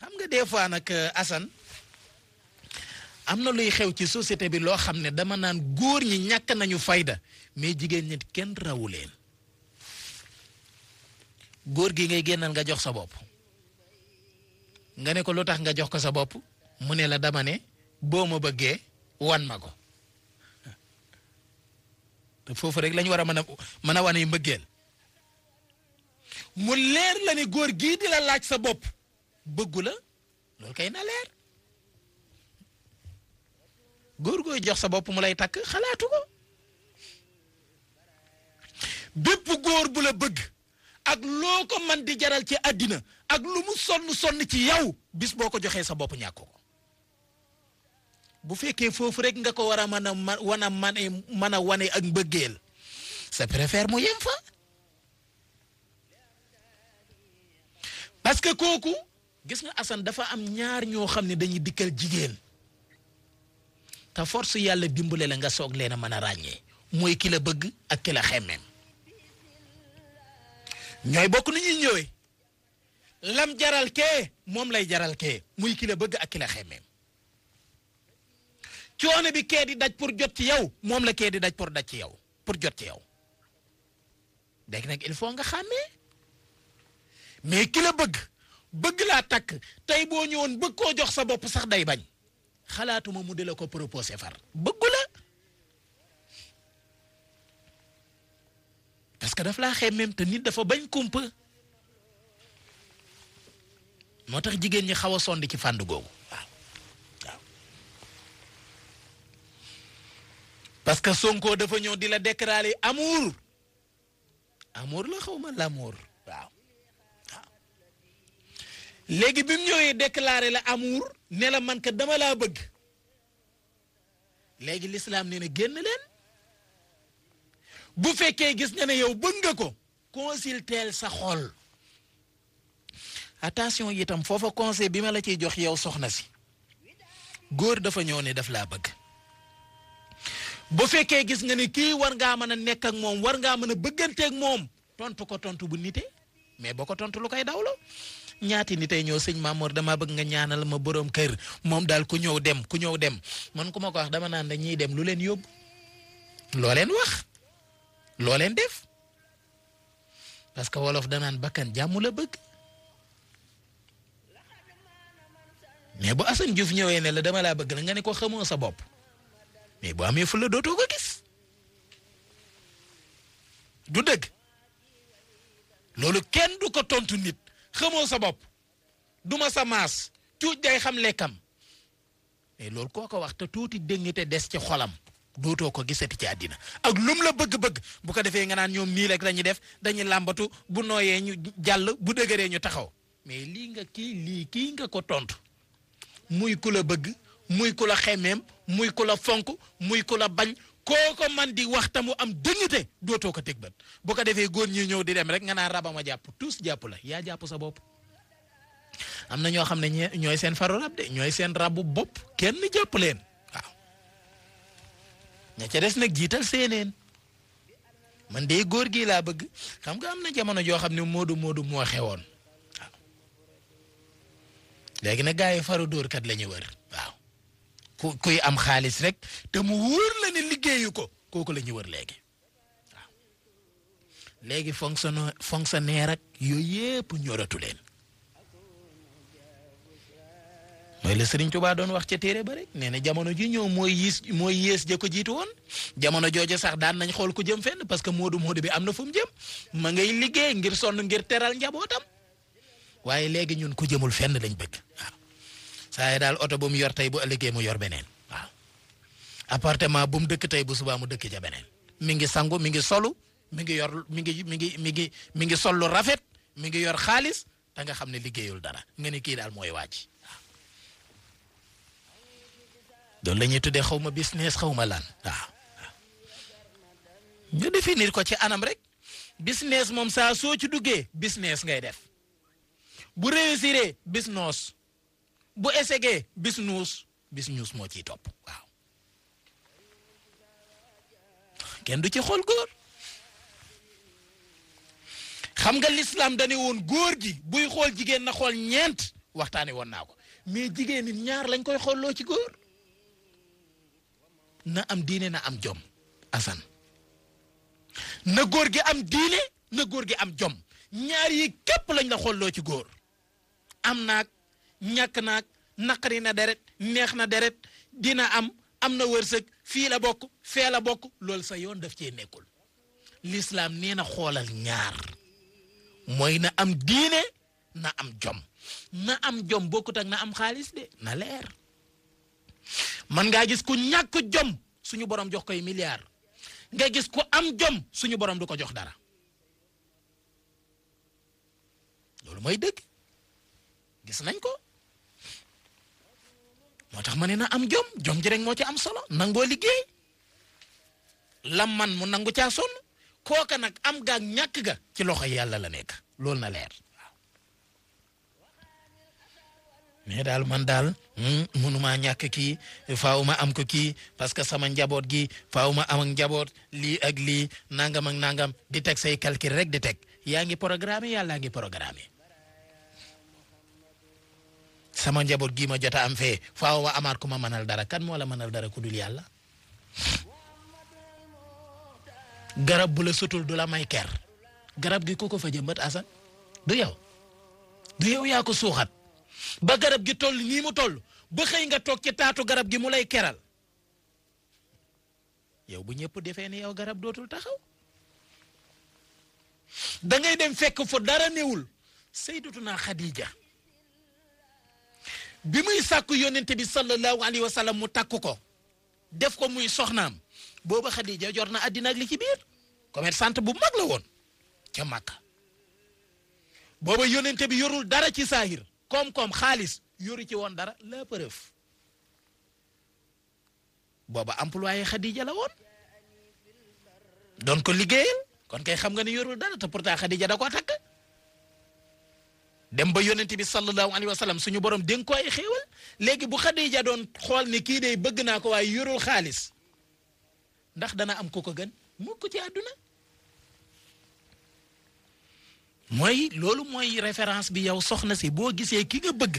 xam nga des fois nag euh, Assane am na luy xew ci société bi loo xam ne dama naan góor ñi ñàkk nañu fayda mais jigéen ñi kenn rawu leen góor gi ngay génnal nga jox sa bopp nga ne ko lu tax nga jox ko sa bopp mu ne la dama ne boo ma bëggee wan ma ko foofu rek lañ war a mën a mën a wane mbëggeel mu leer la ne góor gi di la laaj sa bopp bëggula la loolu kay na góor gooy jox sa bopp mu lay takk xalaatu ko bépp góor bu la bëgg ak loo ko man di jaral ci àddina ak lu mu sonn sonn ci yow bis boo ko joxee sa bopp ñàkk ko bu fekkee foofu rekk nga ko war a mën a wan wane ak mbëggeel sa préfère mu yem fa parce kooku gis na Assane dafa am ñaar ñoo xam ne dañuy dikkal jigéen te force yàlla dimbale la nga soog leen a man a ràññee mooy kilo bëgg ak kilo la xemmeem ñooy bokk ni ñuy ñëwee lam jaral kee moom lay jaral kee muy kilo bëgg ak kilo la xemmeem coono bi kee di daj pour jot ci yow moom la kee di daj pour daj ci yow pour jot ci yow dégg nag il faut nga xàmmee mais ki bëgg. bëgg laa takk tey boo ñëwoon bëgg koo jox sa bopp sax day bañ xalaatuma mu di la ko proposé far bëggu la parce que daf laa xemmeem te nit dafa bañ kumpa moo tax jigéen ñi xaw a sond ci fànd googu parce que sonkoo dafa ñëw di la déclarer amour amour la xaw ma l'amour waaw léegi bi mu ñëwee déclaré la amour ne la man ka dama laa bëgg léegi lislaam nee na génn leen bu fekkee gis nga ne yow bëgg nga ko consulteel sa xol attention yitam foofa conseil bi ma la ciy jox yow soxna si góor dafa ñëw ne daf laa bëgg bu fekkee gis nga ne kii war ngaa mën a nekk ak moom war ngaa mën a bëgganteeg moom tontu ko tontu bu nite mais boo ko tontu lu koy daw dawlo ñaati nitay ñoo sëñ Mamour dama bëgg nga ñaanal ma borom kër moom daal ku dem ku dem man ku ko wax dama naan dem lu leen yóbbu loo leen wax loo leen def parce que wolof danaan bakkan jàmm la bëgg mais bu Assane la dama bëgg la nga ne ko xamoo sa bopp mais bu amee fulla dootoo ko gis du dëgg loolu kenn du ko tontu nit xamoo sa bopp duma sa maas cuuj day xam lekkam mais loolu koo ko wax te tuuti déngite des ci xolam dootoo ko gisati ci àddina ak lum la bëgg-bëgg bu ko defee nga naan ñoom mii rek la def dañu làmbatu bu nooyee ñu jàll bu dëgëree ñu taxaw mais lii nga kii lii kii nga ko tontu muy kula bëgg muy ku la xemeem muy ku la fonk muy ku la bañ koo ko man di waxta mu am dignité dootoo ko teg ban bu ko defee góor ñi ñëw di dem rek nga naa rabama jàpp tous jàpp la yaa jàpp sa bopp am na ñoo xam ne ñooy seen faru rab de ñooy seen rabu bopp kenn jàpp leen waaw ña ca des nag jiital seeneen man de góor gi laa bëgg xam nga am na jamono joo xam ne moodu moodu moo xewoon waaw léegi nag gars yi faru dóorkat la ñu wër waaw ku kuy am xaalis rek te mu wóor la ne liggéeyu ko kooku la ñu wër léegi waaw léegi fonctionnaire fonctionnaire ak yooyu yépp ñoratu leen mooy la Serigne Touba doon wax ca téere ba rek nee na jamono ji ñëw mooy yiis mooy yées ja ko jiitu woon jamono jooja sax daan nañ xool ku jëm fenn parce que moodu moodu bi am na fu mu jëm ma ngay liggéey ngir sonn ngir teral njabootam waaye léegi ñun ku jëmul fenn lañ bëgg waaw saa yi daal oto bu mu yor tey bu ëllëgee mu yor beneen. appartement bu mu dëkk tey bu subaa mu dëkk ca beneen mi ngi sangu mi ngi solu mi ngi yor mi ngi mi ngi mi mi ngi sol lu rafet mi ngi yor xaalis te nga xam ne liggéeyul dara nga ne kii daal mooy waaj waaw. loolu la ñuy tuddee xaw ma business xaw ma lan waaw ñu définir ko ci anam rek business moom saa soo ci duggee business ngay def bu réussir business bu essayé business business moo ciy topp kenn du ci xool góor xam nga lislaam dane woon góor gi buy xool jigéen na xool ñeent waxtaane woon naa ko mais jigéen nit ñaar lañ koy xolloo ci góor na am diine na am jom assan na góor gi am diine na góor gi am jom ñaar yi képp lañ la xolloo ci góor am naag ñàkk naag naqari na deret neex na deret dina am am na wërsëg fii la bokk fee la bokk loolu sa yoon daf cee nekkul lislaam nee na xoolal ñaar mooy na am diine na am jom na am jom bokkut ak na am xaalis de na leer man ngaa gis ku ñàkk jom suñu borom jox koy milliard nga gis ku am jom suñu borom du ko jox dara loolu mooy dëgg gis nañ ko motax manena am jom jom ji rek mo ci am solo nango liggey lam man mu nangu ci sonn koka nak am ga ñak ga ci loxo yalla la nek lol na leer mais dal man dal hmm, munuma ñak ki fauma am ko ki parce que sama njabot gi fauma am ak njabot li ak li nangam ak nangam di tek say calcul rek di tek yaangi programme ngi programme sama njaboot gii ma jot a am fee faaw ma amaat ku ma mënal dara kan moo la mënal dara ku dul yàlla garab bula la sutul du la may ker garab gi ku ko fa jëmbat asan du yow du yow yaa ko suuxat ba garab gi tol nii mu toll ba xëy nga toog ci taatu garab gi mu lay keral yow bu ñëpp defee ni yow garab dootul taxaw dangay dem fekk fu dara newul sayyidatuna Xadija bi muy sàkku yónnente bi sallallahu alayhi wa sallam mu takku ko def ko muy soxnaam booba Xadija jot na àddina ak li ci biir commerçante bu mag la woon ca Makka booba yónnente bi yorul dara ci saahir koom-koom xaalis yoru ci woon dara la preuve booba employé Xadija la woon doon ko liggéeyal kon kay xam nga ne yorul dara te pourtant Xadija da ko takk dem ba yonent bi sallallahu alayhi wa sallam suñu borom dénk ko ay léegi bu Xadija doon xool ni kii de bëgg naa ko waaye yorul xaalis ndax dana am ko ko gën mukk ci àdduna mooy loolu mooy référence bi yow soxna si boo gisee ki nga bëgg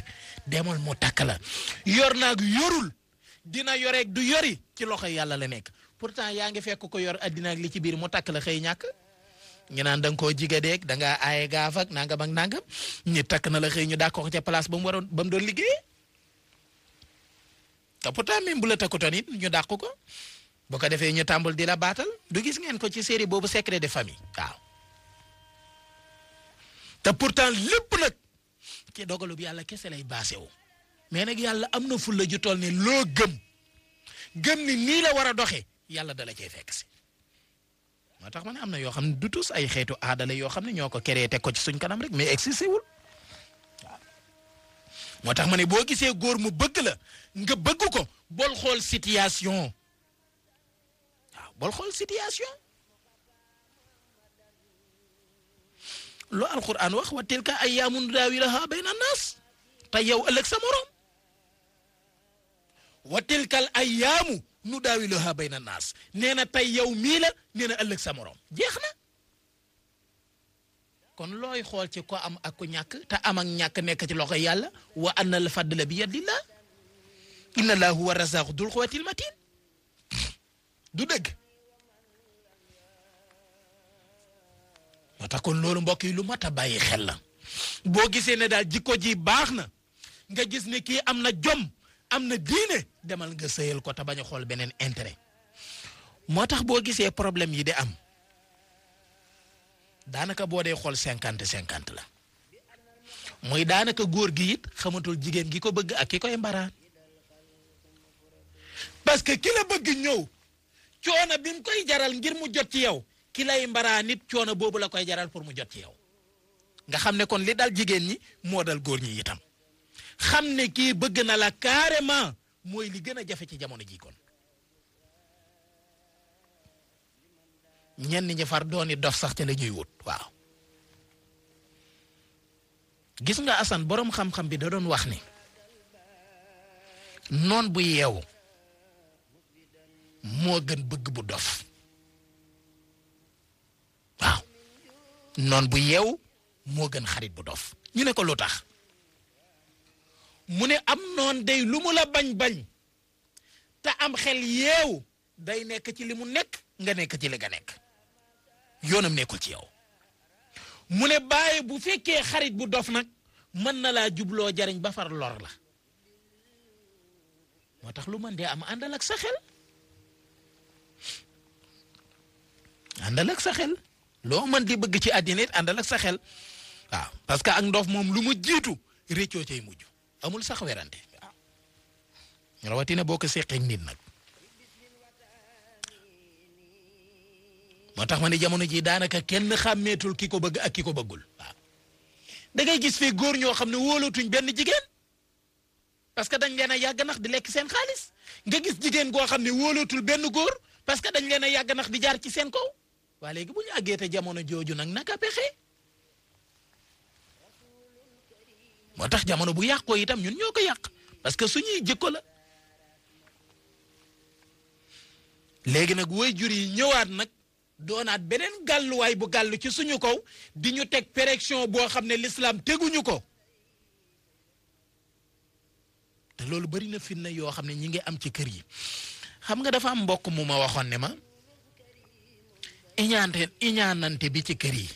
demal mu takk la yor naag yorul dina yoreeg du yori ci loxo yàlla la nekk pour pourtant yaa ngi fekk ko yor addina ak li ci biir mu tàkk la xëy ñàkk. ñu naan da koo jiga deeg da ngaa aaye gaaf ak nangam ak nangam ñi takk na la xëy ñu d'accord ca place ba mu waroon ba mu doon liggéey te pourtant même bu la takkutoon it ñu dàq ko bu ko defee ñu tàmbul di la baatal du gis ngeen ko ci série boobu sekk secret de famille waaw te pourtant lépp nag ci dogalu bi yàlla kese lay baasewu mais nag yàlla am na fulla ju toll ne loo gëm gëm ni nii la war a doxee yàlla dala cee fekk si. moo tax ma ne am na yoo xam ne du tous ay xeetu aadala yoo xam ne ñoo ko keree teg ko ci suñ kanam rek mais existé wul moo tax ma ne boo gisee góor mu bëgg la nga bëgg ko bool xool situation waaw bol xool situation lu alquran wax wa tilka ayyaamun daawilahaa bayna naas te yow ëllëg sa morom ka tilkal ayyaamu nu daawiluha bayna naas nee na tey yow mii la nee ëllëg sa morom jeex na kon looy xool ci ko am ak ko ñàkk te am ak ñàkk nekk ci loxo yàlla wa anna al fadla bi yadillah inna laa huwa razaqu dul quwwatil matin du dëgg moo tax kon loolu mbokk yi lu mat a bàyyi xel la boo gisee ne daal jikko ji baax na nga gis ne kii am na jom am na diine demal nga sëyal ko te bañ a xool beneen intérêt moo tax boo gisee problème yi am daanaka boo dee xool cinquante cinquante la muy daanaka góor gi it xamatul jigéen gi ko bëgg ak ki koy mbaraan parce que ki la bëgg ñëw coono bi mu koy jaral ngir mu jot ci yow ki lay mbaraan nit coono boobu la koy jaral pour mu jot ci yow nga xam ne kon li dal jigéen ñi moo dal góor ñi itam xam ne kii bëgg na la carrément mooy li gën a jafe ci jamono ji kon ñenn ñi far dooni dof sax ca la ñuy wut waaw gis nga Assane boroom xam-xam bi da doon wax ni noon bu yeewu moo gën bëgg bu dof waaw noon bu yeewu moo gën xarit bu dof ñu ne ko lu tax mu ne am noon day lu mu la bañ-bañ te am xel yeew day nekk ci li mu nekk nga nekk ci li nga nekk yoonam nekkul ci yow mu ne bàyyi bu fekkee xarit bu dof nag mën na laa jubloo jariñ ba far lor la moo tax lu mën dee am àndal ak sa xel àndal ak sa xel loo mën di bëgg ci àddina it àndal ak sa xel waaw parce que ak ndof moom lu mu jiitu réccoo cay mujj amul sax werante rawatina boo ko seqeeg nit nag moo tax ma ne jamono ji daanaka kenn xàmmeetul ki ko bëgg ak ko bëggul waaw gis fii góor ñoo xam ne wóolootuñ benn jigéen parce que dañ leen a yàgg nax di lekk seen xaalis nga gis jigéen goo xam ne wóolootul benn góor parce que dañ leen a yàgg nax di jaar ci seen kaw waa léegi bu ñu àggee jamono jooju nag naka pexe. moo tax jamono bu yàqoo itam ñun ñoo ko yàq parce que suñuy jëkko la léegi nag woy jur yi ñëwaat nag doonaat beneen gàlluwaay bu gàll ci suñu kaw di ñu teg pérection boo xam ne lislaam teguñu ko te loolu bari na fitna yoo xam ne ñi ngi am ci kër yi xam nga dafa am mbokk mu ma waxoon ne ma iñaante iñaanante bi ci kër yi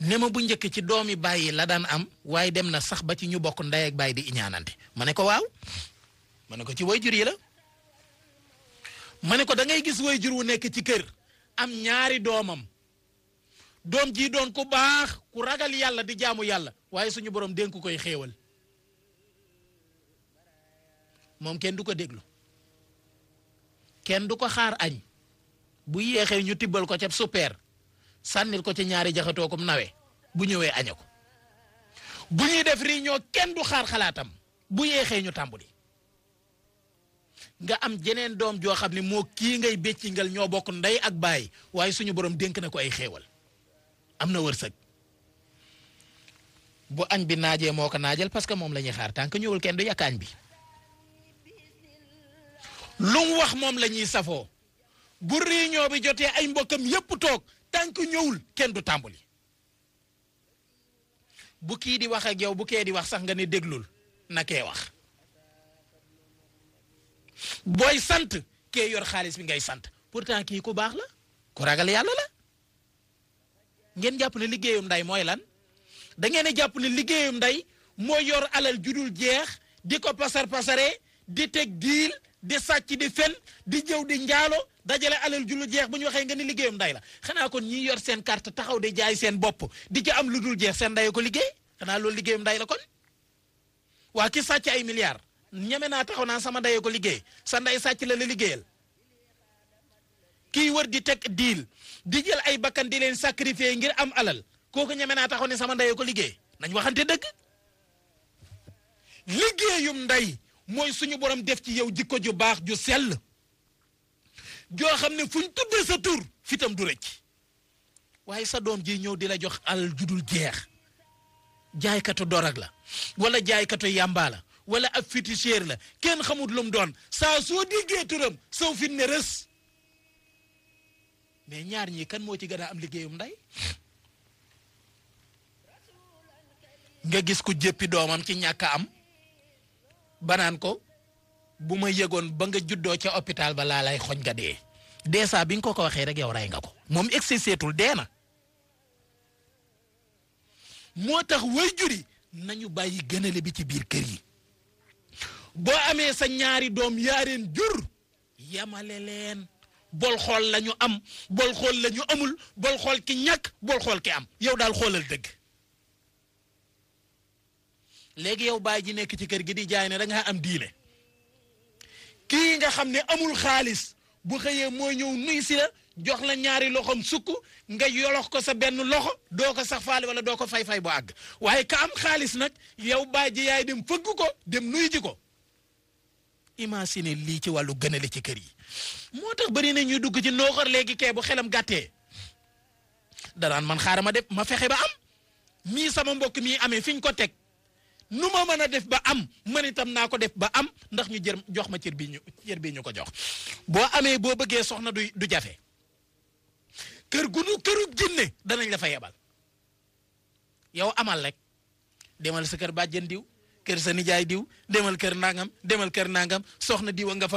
ne bu njëkk ci doom yi bàyyi la daan am waaye dem na sax ba ci ñu bokk ndey ak bàyyi di iñaanante ma ne ko waaw ma ne ko ci way jur yi la ma ne ko da ngay gis jur wu nekk ci kër am ñaari doomam doom ji doon ku baax ku ragal yàlla di jaamu yàlla waaye suñu borom dénku koy xéewal moom kenn du ko déglu kenn du ko xaar añ bu yéexee ñu tibbal ko ca super sànnil ko ci ñaari jaxatoo kum nawe bu ñëwee añe ko bu ñuy def réunion kenn du xaar xalaatam bu yeexee ñu tàmbali nga am jeneen doom joo xam ne moo kii ngay béccingal ñoo bokk ndey ak baay waaye suñu borom dénk na ko ay xéewal bu añ bi naajee moo ko naajal parce que moom la ñuy xaar tànk ñëwul kenn du yakkaañ bi lu mu wax moom la bu bi ay yépp tànk ñëwul kenn du tàmbali bu kii di wax ak yow bu kee di wax sax nga ne déglul na kee wax booy sant kee yor xaalis bi ngay sant pourtant kii ku baax la ku ragal yàlla la ngeen jàpp ne liggéeyum nday mooy lan da ngeen a jàpp ne liggéeyum nday mooy yor alal judul jeex di ko pasar pasare di teg diil di sàcc di fel di jëw di njaalo dajale alal ju lu jeex bu ñu waxee nga ni liggéeyam nday la xanaa kon ñi yor seen carte taxaw de jaay seen bopp di ca am lu dul jeex seen nday ko liggéey xanaa loolu liggéeyam nday la kon waa ki sàcc ay milliards ñeme naa taxaw naa sama ndayee ko liggéey sa nday sàcc la la liggéeyal kiy wër di teg diil di jël ay bakkan di leen ngir am alal kooku ñeme naa taxaw ne sama ndayee ko liggéey nañ waxante dëgg liggéeyum nday mooy suñu borom def ci yow jikko ju baax ju sell joo xam ne fu ñu tuddee sa tur fitam du rëcc waaye sa doom ji ñëw di la jox ju dul jeex jaaykatu dorog la wala jaaykatu yàmbaa la wala ab féticheur la kenn xamut lu doon saa soo déggee turam saw fit ne rës mais ñaar ñii kan moo ci gën a am liggéeyum nday nga gis ku jéppi doomam ci ñàkk am banaan ko bu ma yëgoon ba nga juddoo ca hôpital ba laa lay xoñ nga dee dee bi nga ko ko waxee rek yow rey nga ko moom egsi seetul dee na moo tax waajur yi nañu bàyyi gënale bi ci biir kër yi boo amee sa ñaari doom yaareen jur yamale leen bol xool la am bol xool lañu amul bol xool ki ñakk bol xool ki am yow daal xoolal dëgg léegi yow baay ji nekk ci kër gi di jaay ne da am diine kii nga xam ne amul xaalis bu xëyee mooy ñëw nuy si la jox la ñaari loxoom sukk nga yolox ko sa benn loxo doo ko sax faale wala doo ko fay-fay bu àgg waaye ka am xaalis nag yow baa ji yaay dem fëgg ko dem nuy ji ko imagine lii ci wàllu gënale ci kër yi moo tax bëri na ñuy dugg ci nooxor léegi kee bu xelam gàttee danaan man xaaral ma def ma fexe ba am mii sama mbokk mii amee fi ko teg nu ma mën a def ba am man itam naa ko def ba am ndax ñu jër jox ma cër bi ñu cër bi ñu ko jox boo amee boo bëggee soxna du du jafe kër gu nu këru jinne danañ la fa yebal yow amal rek demal sa kër bàjjen diw kër sa nijaay diw demal kër nangam demal kër nangam soxna diwa nga fa